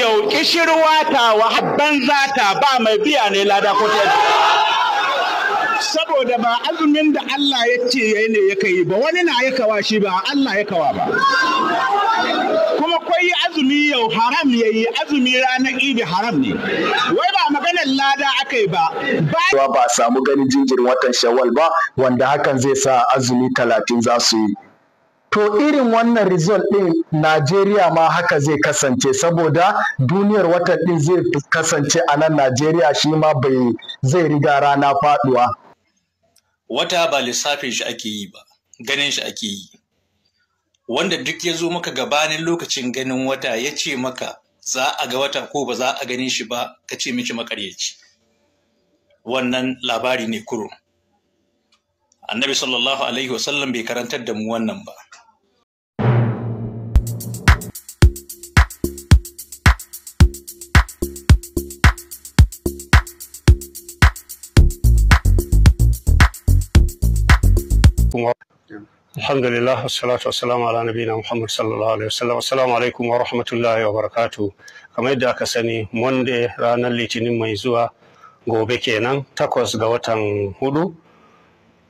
yau kishirwa ta wa habban zata ba mai biya ne lada Kotel. saboda ba azumin da Allah ya ce yayi ne ya kai ba wani na ya kawa shi ba Allah ya kawa ba kuma kwai azumi yau haram yayi azumi ranar ibi haram ne wai ba maganar lada akai ba ba ba samu ganin jinjirin watan shawal ba wanda hakan zai sa azumi talatin za su yi To irin wannan result ɗin Najeriya ma haka zai kasance saboda duniyar watan ɗin zai kasance a nan Najeriya shi ma bai zai riga rana faɗuwa. Wata ba lissafin shi ake yi ba, ganin shi ake yi. Wanda duk ya zo maka gabanin lokacin ganin wata ya ce maka za a ga wata ko ba za a gani shi ba ka ce miki makaryaci. Wannan labari ne kurum. Annabi sallallahu Alaihi wasallam bai karantar da mu wannan ba. alaikum wa alhamdulillah wassalatu wassalamu ala nabiyina muhammad sallallahu alaihi assalamu alaikum wa rahmatullahi wa barakatuh kamar yadda aka sani monday ranar litinin mai zuwa gobe kenan takwas ga watan hudu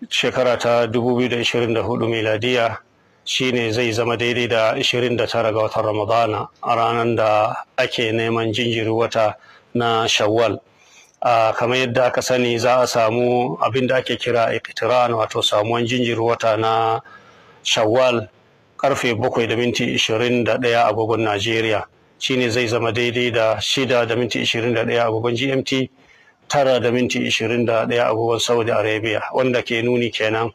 shekara ta 2024 miladiya shine zai zama daidai da 29 ga watan ramadana a ranar da ake neman jinjiri wata na shawwal kamar yadda aka sani za a samu abin da ake kira iqtiran wato samuwan jinjiri wata na shawwal karfe bakwai da minti agogon najeriya shine zai zama daidai da shida agogon gmt tara da agogon saudi arabia wanda ke nuni kenan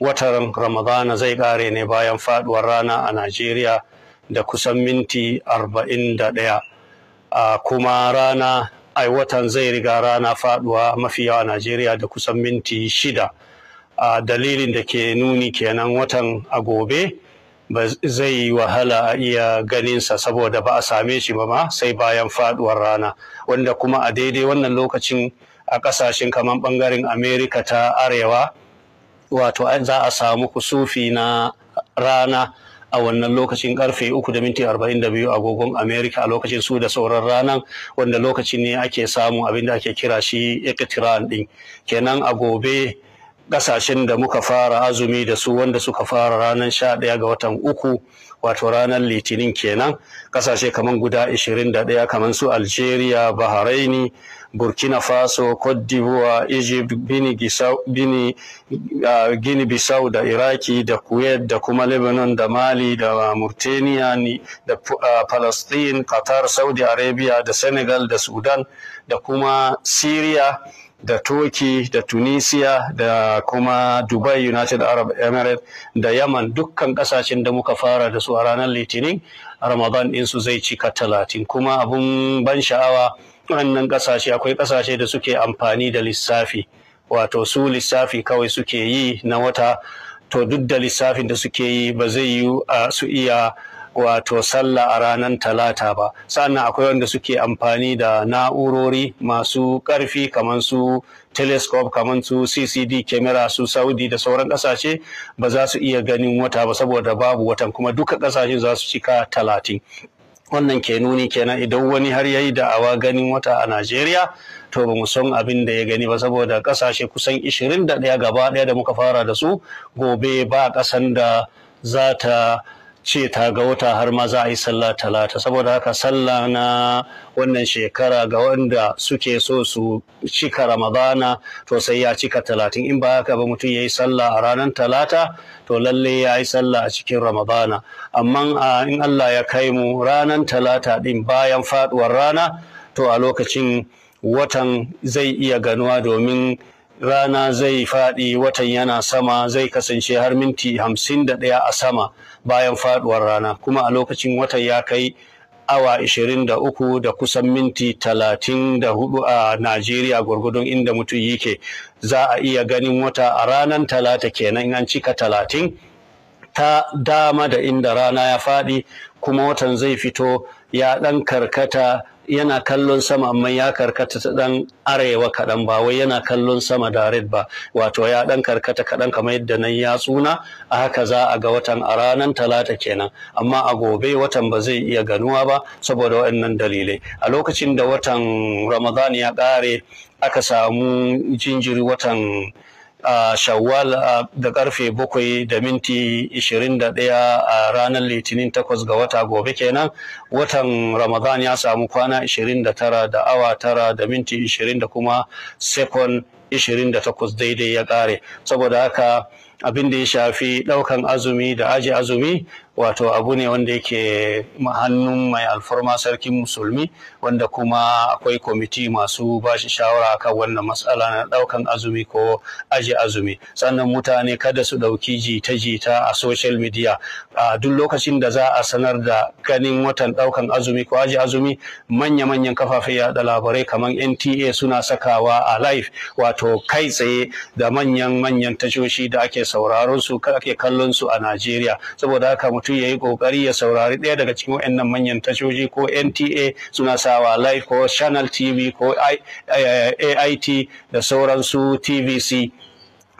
watan ramadana zai ƙare ne bayan faduwar rana a najeriya da kusan minti arba'in da kuma rana ai watan zai riga rana faduwa mafi yawa Najeriya da kusan minti shida. A dalilin da ke nuni kenan watan a gobe ba zai wahala a iya ganinsa saboda ba a same shi ba ma sai bayan faduwar rana wanda kuma a daidai wannan lokacin a kasashen kamar bangaren Amerika ta arewa wato za a samu kusufi na rana a wannan lokacin karfe uku da minti arba'in da biyu agogon Amerika a lokacin su da sauran ranar wanda lokacin ne ake samun abin da ake kira shi ikitiran din kenan a gobe ƙasashen da muka fara azumi da su wanda suka fara ranar sha ɗaya ga watan uku wato ranar litinin kenan ƙasashe kamar guda ishirin da ɗaya kamar su algeria bahraini burkina faso cote d'ivoire egypt gini bissau da iraki da kuwait da kuma lebanon da mali da mauritania da palestine qatar saudi arabia da senegal da sudan da kuma syria da turkey da tunisia da kuma dubai united arab emirates da yaman dukkan kasashen da muka fara da su a ranar litinin ramadan ɗinsu zai cika talatin kuma abun ban sha'awa wannan kasashe akwai kasashe da suke amfani da lissafi wato su lissafi kawai suke yi na wata to duk da lissafin da suke yi ba zai yi su iya wato sallah a ranar talata ba sannan akwai wanda suke amfani da na'urori masu ƙarfi kamar su telescope kamar su ccd camera su saudi da sauran ƙasashe ba za su iya ganin wata ba saboda babu watan kuma duka ƙasashe za su cika talatin wannan ke nuni kenan idan wani har ya yi da'awa ganin wata a najeriya to ba mu san abin da ya gani ba saboda kasashe kusan 21 gaba ɗaya da muka fara da su gobe ba ƙasan da za ta ce ta ga wata har ma za a yi sallah talata saboda haka sallah na wannan shekara ga wanda suke so su cika ramadana to sai ya cika talatin in ba haka ba mutum ya yi sallah a ranar talata to lalle ya yi sallah a cikin ramadana amma in allah ya kai mu ranar talata din bayan faduwar rana to a lokacin watan zai iya ganuwa domin rana zai faɗi watan yana sama zai kasance har minti hamsin da ɗaya a sama bayan faduwar rana kuma a lokacin watan ya kai awa 23 da kusan minti 34 a Najeriya gwargwadon inda mutum yake za a iya ganin wata a ranar talata kenan an cika talatin ta dama da inda rana ya faɗi kuma watan zai fito ya ɗan karkata yana kallon sama amma ya karkata ta dan arewa kaɗan ba wai yana kallon sama daret ba wato ya dan karkata kaɗan kamar yadda nan ya tsuna a haka za a ga watan a ranar talata kenan amma a gobe watan ba zai iya ganuwa ba saboda waɗannan dalilai a lokacin da watan ramadan ya ƙare aka samu jinjiri watan a shawwal da karfe bakwai da minti ishirin da ɗaya a ranar litinin takwas ga wata gobe kenan watan ramadan ya samu kwana ishirin da tara da awa tara da minti ishirin da kuma sekon ishirin da takwas daidai ya ƙare saboda haka abin da ya shafi ɗaukan azumi da aji azumi wato abu ne wanda yake hannun mai alfarma sarkin musulmi wanda kuma akwai kwamiti masu ba shi shawara kan wannan matsala na daukan azumi ko aji azumi sannan mutane kada su dauki jita-jita a social media a duk lokacin da za a sanar da ganin watan daukan azumi ko aji azumi manya-manyan kafafen yada labarai kamar NTA suna sakawa a live wato kai tsaye da manyan manyan tashoshi da ake sauraron su ake kallon su a Najeriya saboda haka mutum mutum ya yi kokari ya saurari ɗaya daga cikin wa'annan manyan tashoji, ko NTA suna sawa live ko Channel TV ko eh, AIT da sauransu TVC.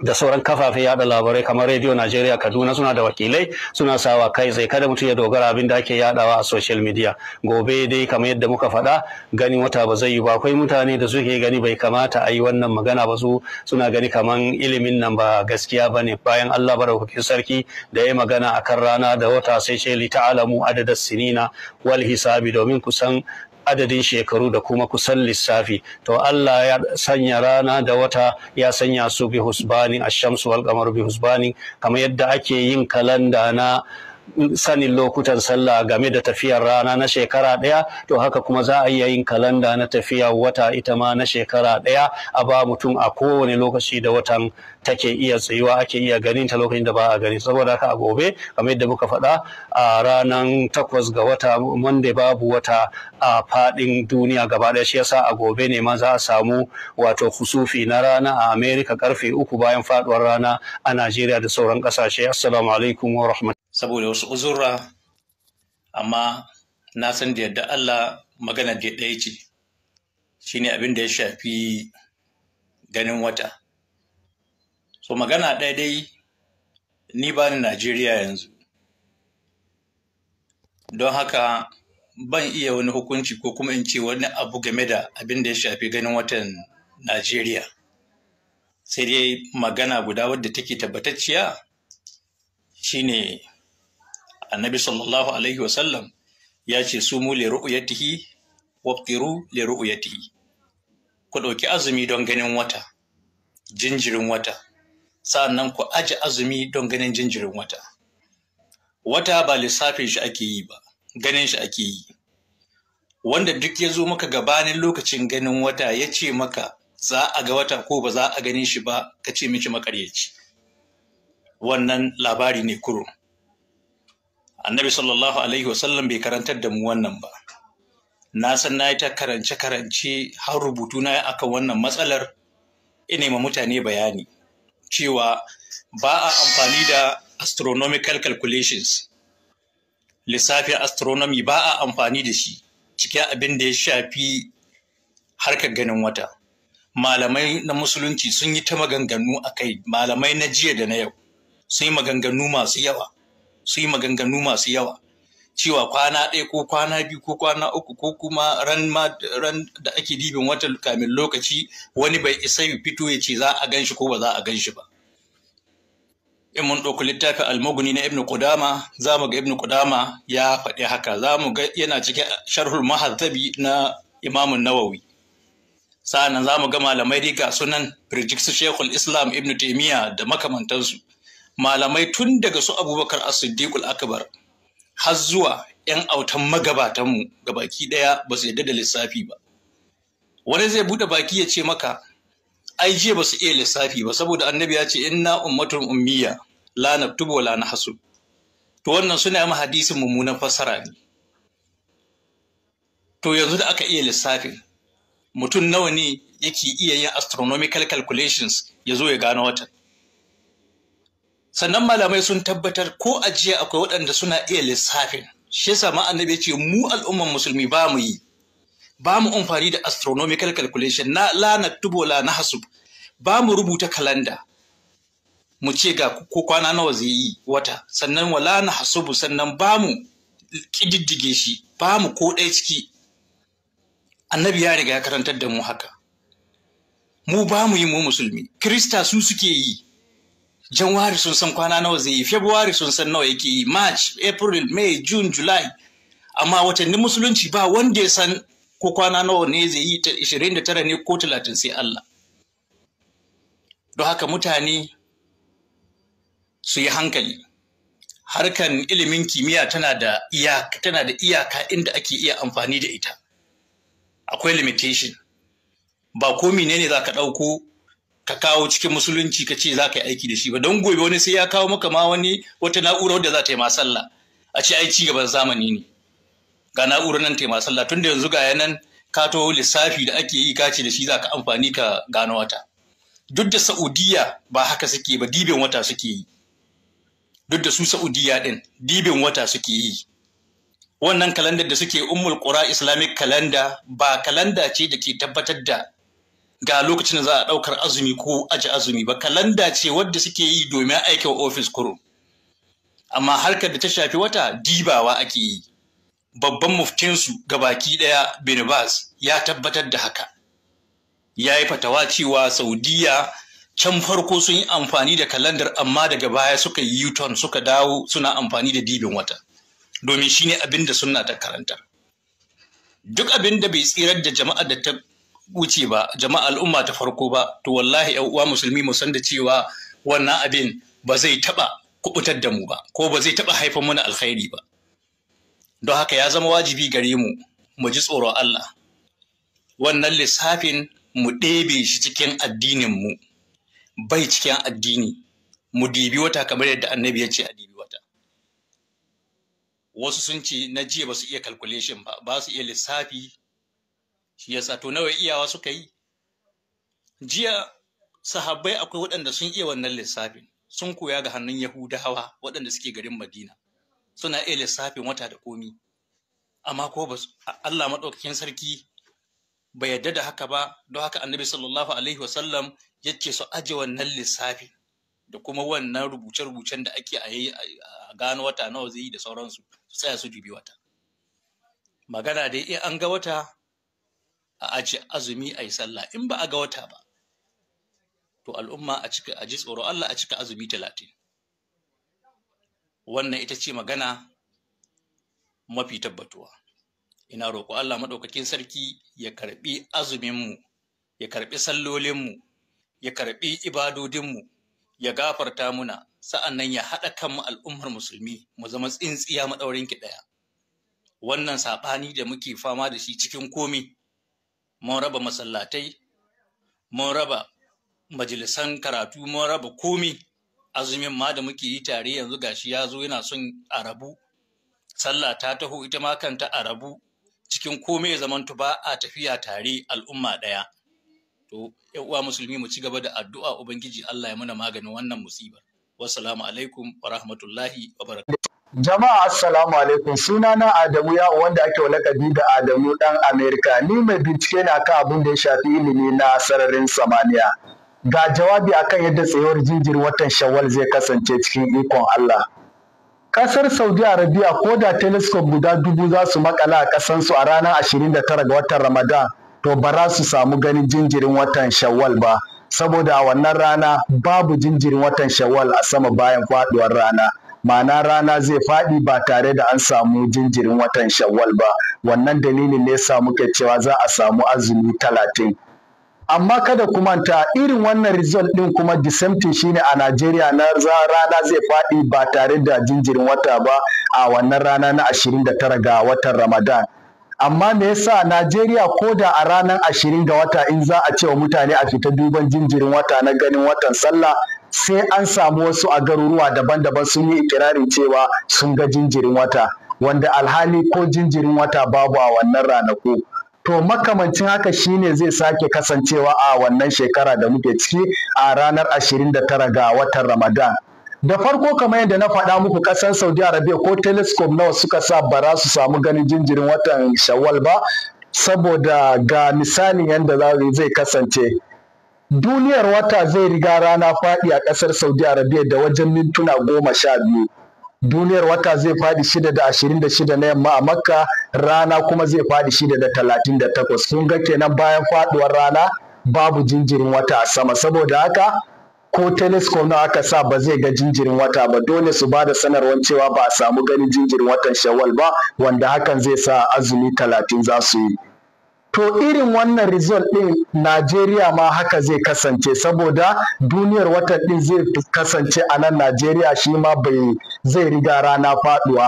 da sauran kafafen yada labarai kamar Radio Najeriya Kaduna suna da wakilai suna sawa kai zai kada mutum ya dogara abin da ake yadawa a social media gobe dai kamar yadda muka faɗa gani wata ba zai yi ba akwai mutane da suke gani bai kamata a yi wannan magana ba su suna gani kaman ilimin nan ba gaskiya ba ne bayan Allah barakakin sarki da ya magana akan rana da wata sai ce li ta'alamu adadar sinina wal hisabi domin kusan adadin shekaru da kuma kusan lissafi to Allah ya sanya rana da wata ya sanya su bi husbanin ashamsu wal kamar bi husbanin kamar yadda ake yin kalanda na sanin lokutan sallah game da tafiyar rana na shekara ɗaya to haka kuma za a iya yin kalanda na tafiya wata ita ma na shekara ɗaya a ba mutum a kowane lokaci da watan take iya tsayuwa ake iya ganin ta lokacin da ba a gani saboda haka a gobe kamar yadda muka faɗa a ranar takwas ga wata monday babu wata a faɗin duniya gaba ɗaya shi yasa a gobe ne ma za a samu wato kusufi na rana a america karfe uku bayan faɗuwar rana a najeriya da sauran ƙasashe assalamu alaikum wa saboda wasu uzurra amma na san da yadda Allah magana da ɗaya ce shine abin da ya shafi ganin wata so magana ɗaya dai ni ba ni Najeriya yanzu don haka ban iya wani hukunci ko kuma in ce wani abu game da abin da ya shafi ganin watan Najeriya. Sai dai magana guda wadda take tabbatacciya shine annabi sallallahu alaihi wasallam ya ce su mu liru'yatihi ya liru'yatihi ku ɗauki azumi don ganin wata jinjirin wata sa'annan ku aji azumi don ganin jinjirin wata wata ba lissafin shi ake yi ba ganin shi ake yi wanda duk ya zo maka gabanin lokacin ganin wata ya ce maka za a ga wata ko ba za a ganin shi ba ka ce miki makaryaci wannan labari ne kurum annabi sallallahu alaihi wasallam bai karantar da mu wannan ba na san na yi ta karance karance har rubutu na akan wannan matsalar ina ma mutane bayani cewa ba a amfani da astronomical calculations lissafin astronomy ba a amfani da shi cikin abin da ya shafi harkar ganin wata malamai na musulunci sun yi ta maganganu a kai malamai na jiya da na yau sun yi maganganu masu yawa su yi maganganu masu yawa cewa kwana ɗaya ko kwana biyu ko kwana uku ko kuma ran da ake dibin wata kamin lokaci wani bai isa ya fito ya ce za a gan shi ko ba za a gan shi ba in mun ɗauki littafin almaguni na Ibn Kudama, za mu ga Ibn Kudama ya faɗi haka za mu ga yana cikin sharhul mahazzabi na imamun nawawi sa'annan za mu ga malamai riga ga sunan firjiksu shekul islam Ibn taimiyya da makamantansu malamai tun daga su abubakar as akbar har zuwa yan autan magabatanmu baki daya ba su yadda da lissafi ba wani zai bude baki ya ce maka ai jiya ba su iya lissafi ba saboda annabi ya ce inna ummatun ummiya la naktubu wa la nahsu to wannan suna yi hadisin mummunan fassara ne to yanzu da aka iya lissafin mutum nawa ne yake iya yin astronomical calculations ya zo ya gano watan sannan malamai sun tabbatar ko ajiya akwai waɗanda suna iya lissafin shi yasa ma annabi ce mu al'umman musulmi ba mu yi ba mu amfani da astronomical calculation na la tubo la hasub ba mu rubuta kalanda mu ce ga ko kwana nawa zai yi wata sannan wala hasubu sannan ba mu kididdige shi ba mu ko ɗaya ciki annabi ya riga ya karantar da mu haka mu ba mu yi mu musulmi krista su suke yi Januwari sun san kwana nawa zai yi, February sun san nawa yake yi, March, April, May, June, July. Amma watanni musulunci ba wanda ya san ko kwana nawa ne zai yi ta 29 ne ko 30 sai Allah. Don haka mutane su yi hankali. Harkan ilimin kimiyya tana da iyaka, tana da iyaka inda ake iya amfani da ita. Akwai limitation. Ba ko menene za ka ɗauko ka kawo cikin musulunci ka ce za ka yi aiki da shi ba don gobe wani sai ya kawo maka ma wani wata na'ura wadda za ta yi ma sallah a ce ai gaban zamani ne ga na'urar nan ta yi ma sallah tun da yanzu ga yanan ka to lissafi da ake yi kace da shi za ka amfani ka gano wata duk da Saudiya ba haka suke ba dibin wata suke yi duk da su Saudiya din dibin wata suke yi wannan kalandar da suke ummul qura islamic kalanda ba kalanda ce da ke tabbatar da ga lokacin da za a ɗaukar azumi ko aji azumi ba kalanda ce wadda suke yi domin aikin ofis kuro amma harkar da ta shafi wata dibawa ake yi babban muftinsu ga baki ɗaya bas, ya tabbatar da haka ya yi fatawa cewa saudiya can farko sun yi amfani da kalandar amma daga baya suka yi yuton suka dawo suna amfani da dibin wata domin shine abin da sunna ta karanta duk abin da bai tsirar da jama'a da ta wuce ba jama'a al'umma ta farko ba to wallahi uwa musulmi mu san da cewa wannan abin ba zai taba kubutar da mu ba ko ba zai taba haifar mana alkhairi ba don haka ya zama wajibi gare mu mu ji tsoron Allah wannan lissafin mu ɗebe shi cikin addinin mu bai cikin addini mu dibi wata kamar yadda annabi ya ce a dibi wata wasu sun ce na jiya ba su iya calculation ba ba su iya lissafi shi yasa to nawa iyawa suka yi jiya sahabbai akwai waɗanda sun iya wannan lissafin sun koya ga hannun yahudawa waɗanda suke garin madina suna iya lissafin wata da komi amma ko ba Allah maɗaukakin sarki bai yarda da haka ba don haka annabi sallallahu alaihi wasallam yake su aje wannan lissafi da kuma wannan rubuce-rubucen da ake a gano wata nawa zai yi da sauransu su tsaya su dubi wata magana dai in an ga wata a aji azumi a yi sallah in ba a ga wata ba to al'umma a cika a tsoro Allah a cika azumi talatin wannan ita ce magana mafi tabbatuwa ina roƙo Allah maɗaukakin sarki ya karɓi azuminmu ya karɓi sallolinmu ya karɓi ibadodinmu ya gafarta muna sa'an nan ya haɗa kanmu al'ummar musulmi mu zama tsintsiya maɗaurinki ɗaya wannan saɓani da muke fama da shi cikin komi mun raba masallatai mun raba majalisan karatu mun raba komi azumin ma da muke yi tare yanzu gashi ya zo yana son a rabu sallah ta taho ita ma kanta a rabu cikin komai zaman ba a tafiya tare al'umma ɗaya to uwa musulmi mu ci gaba da addu'a ubangiji Allah ya muna maganin wannan musibar wassalamu alaikum wa rahmatullahi wa barakatuh Jama'a assalamu alaikum sunana Adamu ya wanda ake wa lakabi da Adamu dan Amerika ni mai bincike na kan abin da ya shafi ilimi na sararin samaniya ga jawabi akan yadda tsayuwar jinjir watan Shawwal zai kasance cikin ikon Allah Kasar Saudi Arabia ko da telescope guda dubu za su makala a kasan su a ranar 29 ga watan Ramadan to ba za su samu ganin jinjirin watan Shawwal ba saboda a wannan rana babu jinjirin watan Shawwal a sama bayan faduwar rana ma'ana rana zai faɗi ba tare da an samu jinjirin watan shawwal ba wannan dalilin ne sa muke cewa za a samu azumi talatin amma kada ku manta irin wannan result din kuma disemptin shine a Najeriya na rana zai faɗi ba tare da jinjirin wata ba a wannan rana na 29 ga watan Ramadan amma me yasa Najeriya ko da a ranar 20 ga wata in za a ce wa mutane a fita duban jinjirin wata na ganin watan sallah sai an samu wasu a garuruwa daban-daban sun yi ikirarin cewa sun ga jinjirin wata wanda alhali ko jinjirin wata babu a wannan ranaku to makamancin haka shine zai sake kasancewa a wannan shekara da muke ciki a ranar 29 ga watan Ramadan da farko kamar yadda na faɗa muku ƙasar Saudi Arabia ko telescope nawa suka sa bara su samu ganin jinjirin watan Shawwal ba saboda ga misalin yadda zai kasance duniyar wata zai riga rana faɗi a ƙasar saudi arabia da wajen mintuna goma sha biyu duniyar wata zai faɗi shida da ashirin da shida na yamma a makka rana kuma zai faɗi shida da talatin da takwas sun ga kenan bayan faɗuwar rana babu jinjirin wata a sama saboda haka ko telescope na aka sa ba zai ga jinjirin wata ba dole su ba da sanarwar cewa ba a samu ganin jinjirin watan shawwal ba wanda hakan zai sa azumi talatin za su yi to irin wannan result ɗin Najeriya ma haka zai kasance saboda duniyar watan ɗin zai kasance a nan Najeriya shi ma bai zai riga rana faɗuwa.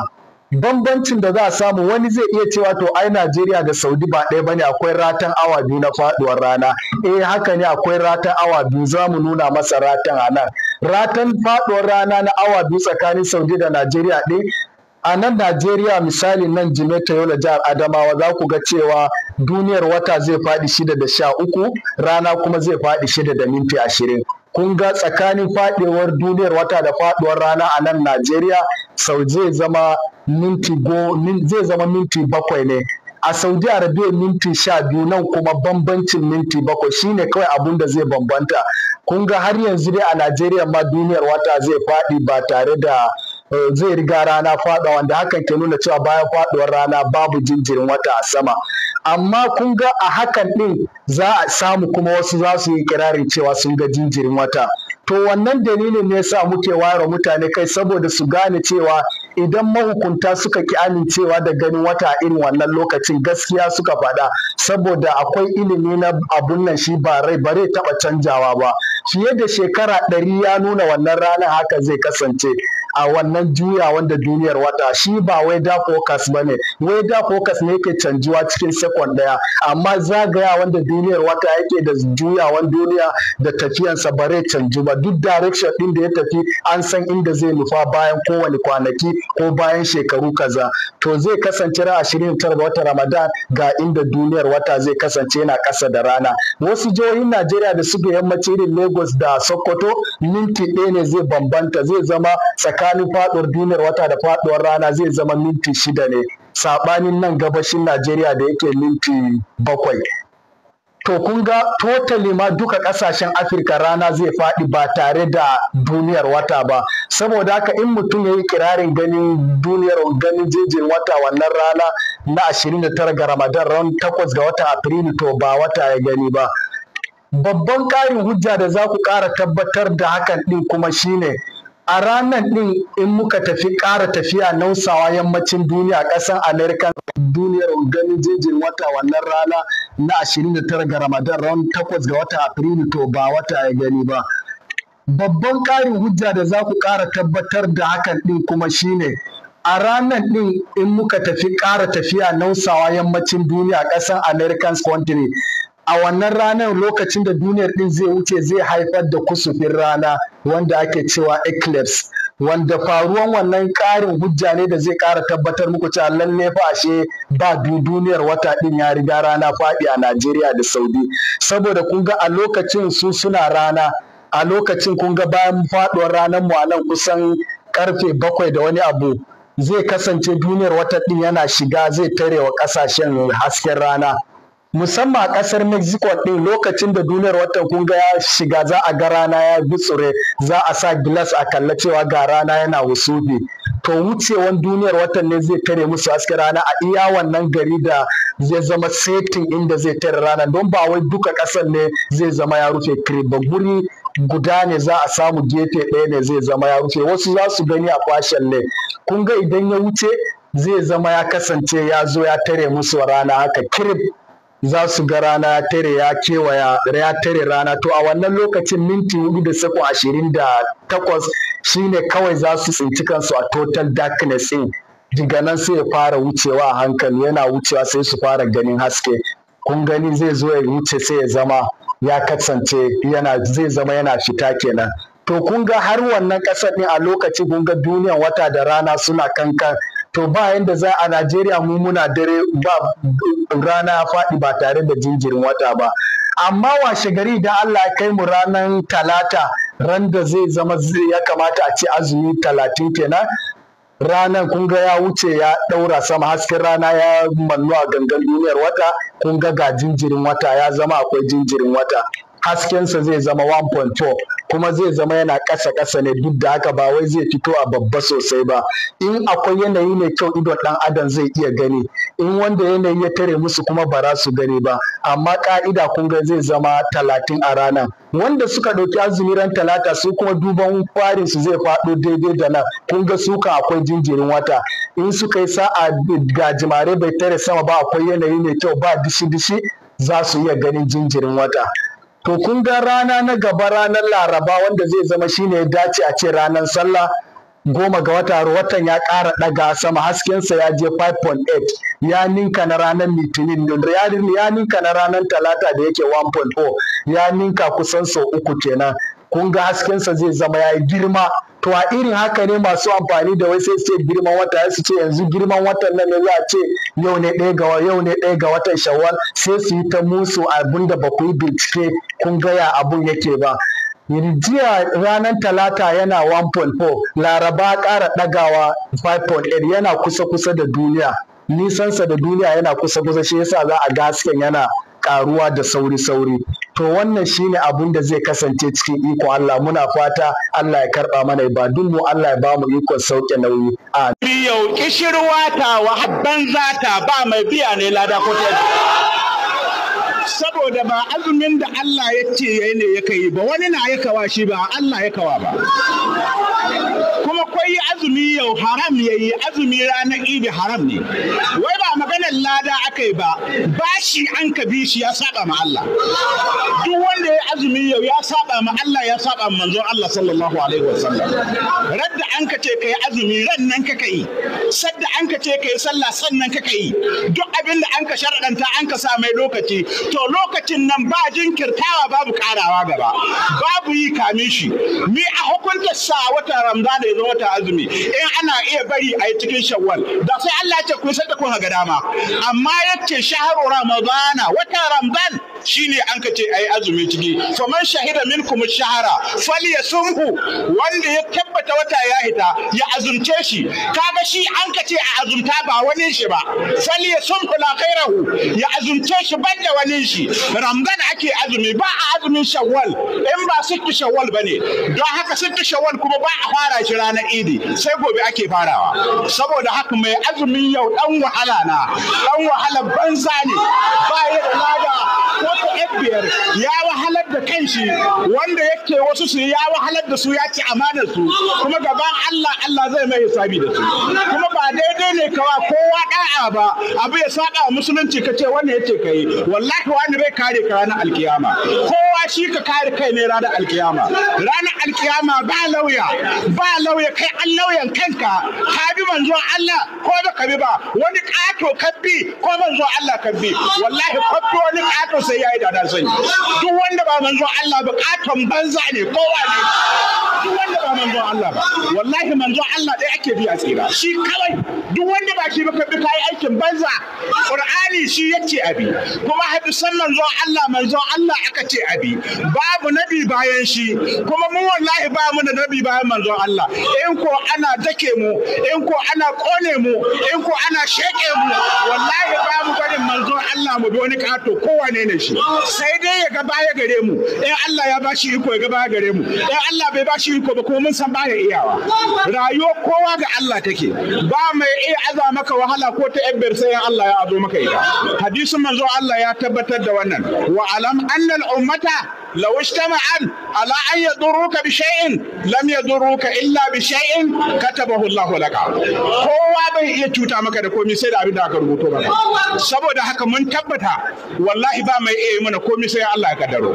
Bambancin da za a samu wani zai iya cewa to ai Najeriya da Saudi ba ɗaya bane akwai ratan awa biyu na faɗuwar rana. Eh haka ne akwai ratan awa biyu za mu nuna masa ratan a nan. Ratan faɗuwar rana na awa biyu tsakanin Saudi da Najeriya ɗin a nan Najeriya misali nan Jimeta Yola jihar Adamawa za ku ga cewa duniyar wata zai faɗi shida da sha uku rana kuma zai faɗi shida da minti ashirin. Kun ga tsakanin faɗewar duniyar wata da faɗuwar rana a nan Najeriya sau zai zama minti bakwai ne a saudi arabia minti sha biyu nan kuma bambancin minti bakwai shine kawai abun da zai bambanta kun ga har yanzu dai a najeriya ma duniyar wata zai faɗi ba tare da Eh, zai riga rana faɗa wanda hakan ke nuna cewa bayan faɗuwar rana babu jinjirin wata a sama amma kun ga a hakan ɗin za a samu kuma wasu za su yi kirarin cewa sun ga jinjirin wata to wannan dalilin ne sa muke wayar mutane kai saboda su gane cewa idan mahukunta suka ki amincewa da ganin wata irin wannan lokacin gaskiya suka faɗa saboda akwai ilimi na abun nan shi ba rai ba taɓa canjawa ba fiye da shekara ɗari ya nuna wannan ranar haka zai kasance a wannan juya wanda duniyar wata shi ba weather focus ba ne da focus ne yake canjuwa cikin second daya amma zagaya wanda duniyar wata yake da juyawan duniya da tafiyansa ba zai canju ba duk direction din da ya tafi an san inda zai nufa bayan kowane kwanaki ko bayan shekaru kaza to zai kasance ra ashirin tara ga watan ramadan ga inda duniyar wata zai kasance yana kasa da rana wasu jihohin najeriya da suke yammacin irin lagos da sokoto minti ɗaya ne zai bambanta zai zama tsakanin tsakanin faɗuwar duniyar wata da faɗuwar rana zai zama minti shida ne saɓanin nan gabashin Najeriya da yake minti bakwai. To kun ga totally ma duka ƙasashen Afirka rana zai faɗi ba tare da duniyar wata ba. Saboda haka in mutum ya yi kirarin ganin duniyar ganin jejin wata wannan rana na 29 ga Ramadan ran 8 ga wata Afrilu to ba wata ya gani ba. Babban ƙarin hujja da za ku ƙara tabbatar da hakan ɗin kuma shine a ranar ɗin in muka tafi ƙara tafiya nausawa yammacin duniya ƙasar amerika duniyar ganin jejin wata wannan rana na 29 ga ramadan ran 8 ga wata afrilu to ba wata ya gani ba babban ƙarin hujja da za ku ƙara tabbatar da hakan ɗin kuma shine a ranar ɗin in muka tafi ƙara tafiya nausawa yammacin duniya ƙasar american continent a wannan ranar lokacin da duniyar din zai wuce zai haifar da kusufin rana wanda ake cewa eclipse wanda faruwan wannan ƙarin hujja ne da zai ƙara tabbatar muku cewa lalle fa ashe ba duniyar wata din ya riga rana faɗi a Najeriya da Saudi saboda kun ga a lokacin su suna rana a lokacin kun ga bayan faɗuwar ranar mu a nan kusan karfe bakwai da wani abu zai kasance duniyar wata din yana shiga zai tare wa ƙasashen hasken rana musamman a ƙasar mexico ɗin lokacin da duniyar watan kunga ya shiga za a ga rana ya gutsure za a sa gilas a kalla cewa ga rana yana wasubi to wucewan duniyar watan ne zai tare musu hasken rana a iya wannan gari da zai zama setin inda zai tare rana don ba wai duka ƙasar ne zai zama ya rufe kiri ba guri guda ne za a samu gefe ɗaya ne zai zama ya rufe wasu za su gani a kwashen ne Kunga idan ya wuce zai zama ya kasance ya zo ya tare musu rana haka kirib za su ga rana ya tare ya kewaya ya tare rana to a wannan lokacin minti hudu da sako ashirin da takwas shine kawai za su tsinci kansu a total darkness in diga nan sai ya fara wucewa a hankali yana wucewa sai su fara ganin haske kun gani zai zo ya wuce sai ya zama ya kasance yana zai zama yana fita kenan to kun ga har wannan kasar ne a lokaci kun ga duniyan wata da rana suna kankan to ba yanda za a Najeriya mu muna dare ba rana ya faɗi ba tare da jinjirin wata ba amma washe gari da Allah ya kai mu ranar talata ran da zai zama ya kamata a ci azumi talatin kenan ranar kun ya wuce ya ɗaura sama hasken rana ya mannu a gangan duniyar wata kun ga ga jinjirin wata ya zama akwai jinjirin wata haskensa zai zama 1.4 kuma zai zama yana ƙasa ƙasa ne duk da haka ba wai zai fito a babba sosai ba in akwai yanayi mai kyau idon ɗan adam zai iya gani in wanda yanayi ya tare musu kuma ba za su gani ba amma ƙa'ida kun ga zai zama talatin a ranar wanda suka ɗauki azumi ran talata su kuma duban farin su zai faɗo daidai da nan kun ga su akwai jinjirin wata in suka yi sa'a gajimare bai tare sama ba akwai yanayi mai kyau ba dishi dishi za su iya ganin jinjirin wata to kun ga rana na gaba ranar laraba wanda zai zama shine ya dace a ce ranar sallah goma ga wata watan ya ƙara ɗaga sama haskensa ya je 5.8 ya ninka na ranar litinin ya ninka na ranar talata da yake 1.0 ya ninka kusan sau uku kenan kun ga haskensa zai zama ya girma to a irin haka ne masu amfani da wai sai su ce girman wata ya su ce yanzu girman watan nan ne za a ce yau ne ɗaya ga yau ne ɗaya ga watan shawwal sai su yi ta musu abin da ba ku yi bincike kun ga ya abun yake ba jiya ranar talata yana 1.4 laraba ƙara ɗagawa 5.8 yana kusa-kusa da duniya nisansa da duniya yana kusa-kusa shi yasa za a gasken yana ƙaruwa da sauri-sauri to wannan shine abun da zai kasance cikin iko Allah muna fata Allah ya karba mana ibadun mu Allah ya ba mu ikon sauke nauyi a yau kishirwa wa habban zata ba mai biya ne lada ko saboda ba azumin da Allah ya ce yayi ne yake yi ba wani na ya kawa shi ba Allah ya kawa ba akwai azumi yau haram ne, yi azumi ranar ibi haram ne wai ba maganar lada aka yi ba bashi an ka bi shi ya saba ma Allah duk wanda ya azumi yau ya saba ma Allah ya saba ma manzon Allah sallallahu alaihi wasallam radda an ka ce kai azumi ran nan ka kai sadda an ka ce kai sallah sannan ka kai duk abin da an ka sharadanta an ka sa mai lokaci to lokacin nan ba jinkirtawa babu karawa gaba babu yi kamin shi mi a hukunta sa wata ramzana ya zama wata azumi in ana iya bari a yi cikin shawwal da sai Allah ya ce ku yi sadda kun ga dama amma yace shahru ramadana wata ramadan shine an ka ce ayi azumi ciki faman shahida minkum shahara falyasumhu wanda ya tabbata wata ya hita ya azumce shi kaga shi an ka ce a azumta ba wani shi ba falyasumhu la khairahu ya azumce shi ban da wani shi ramdan ake azumi ba a azumin shawwal in ba sittu shawwal bane don haka sittu shawwal kuma ba a fara shi ranar idi sai gobe ake farawa saboda haka mai azumin yau dan wahala na dan wahala banza ne ba ya da lada wata yan ya wahalar da kanshi wanda yake wasu su ya wahalar da su ya ci amanar su kuma gaban Allah Allah zai mai hisabi da su kuma ba daidai ne kawa kowa da'a ba abu ya saba musulunci ka ce wannan yake kai wallahi wani bai kare ka ranar alkiyama kowa shi ka kare kai ne ranar alkiyama ranar alkiyama ba lauya ba lauya kai an lauyan kanka ka bi manzo Allah ko ba ka bi ba wani kato kabbi ko manzo Allah kabbi wallahi kwabbi wani kato sai yi da na sani duk wanda ba manzon Allah bukatan banza ne kowa ne duk wanda ba manzon Allah ba wallahi manzon Allah ɗaya ake biya tsira shi kawai duk wanda ba shi ba ka yi aikin banza Qur'ani shi yace abi kuma hadisan manzon Allah manzon Allah aka ce abi babu nabi bayan shi kuma mu wallahi ba mu da nabi bayan manzon Allah in ko ana dake mu in ko ana kone mu in ko ana sheke mu wallahi ba mu barin manzon Allah mu bi wani kato kowane ne shi sai dai ya ga baya gare mu in Allah ya bashi iko ya ga baya gare mu in Allah bai bashi bashi iko ba ko mun san baya iyawa rayuwar kowa ga Allah take ba mai iya aza maka wahala ko ta ebber sai Allah ya azo maka ita hadisin manzo Allah ya tabbatar da wannan wa alam annal ummata لو اجتمعت على أن يضروك بشيء لم يضروك إلا بشيء كتبه الله لك kowa bai iya cuta maka da komai sai da abin aka rubuto maka saboda haka mun tabbata wallahi ba mai iya mana komai sai Allah ya kaddaro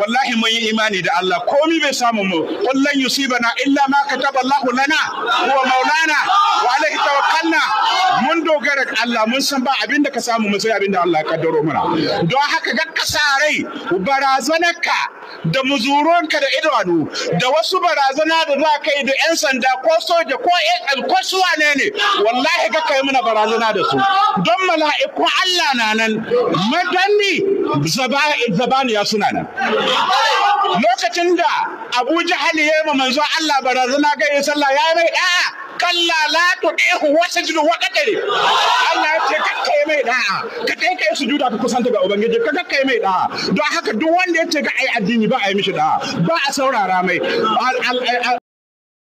wallahi mun yi imani da Allah komai bai samu mu kullan yusibana illa ma kataba Allah lana huwa maulana wa alaihi tawakkalna mun dogara ga Allah mun san ba abin ka samu mu sai da Allah ya kaddaro mana don haka ga kasarai bara barazanarka da muzuronka da idanu da wasu barazana da za ka yi da 'yan sanda ko soja ko ko su ne wallahi ga kai mana barazana da su don mala'ikun Allah na nan madanni zabaniya suna nan lokacin da Abu jihali ya yi manzo Allah barazana ga yi sallah ya mai da'a kalla la tuɗehu wasa jiru waɗa ɗare Allah ya ce kakka kai mai da ka kai kai su sujuda ka kusanta ga ubangiji ka kakka kai mai da don haka duk wanda ya ce ka ai addini ba a mishi da ba a saurara mai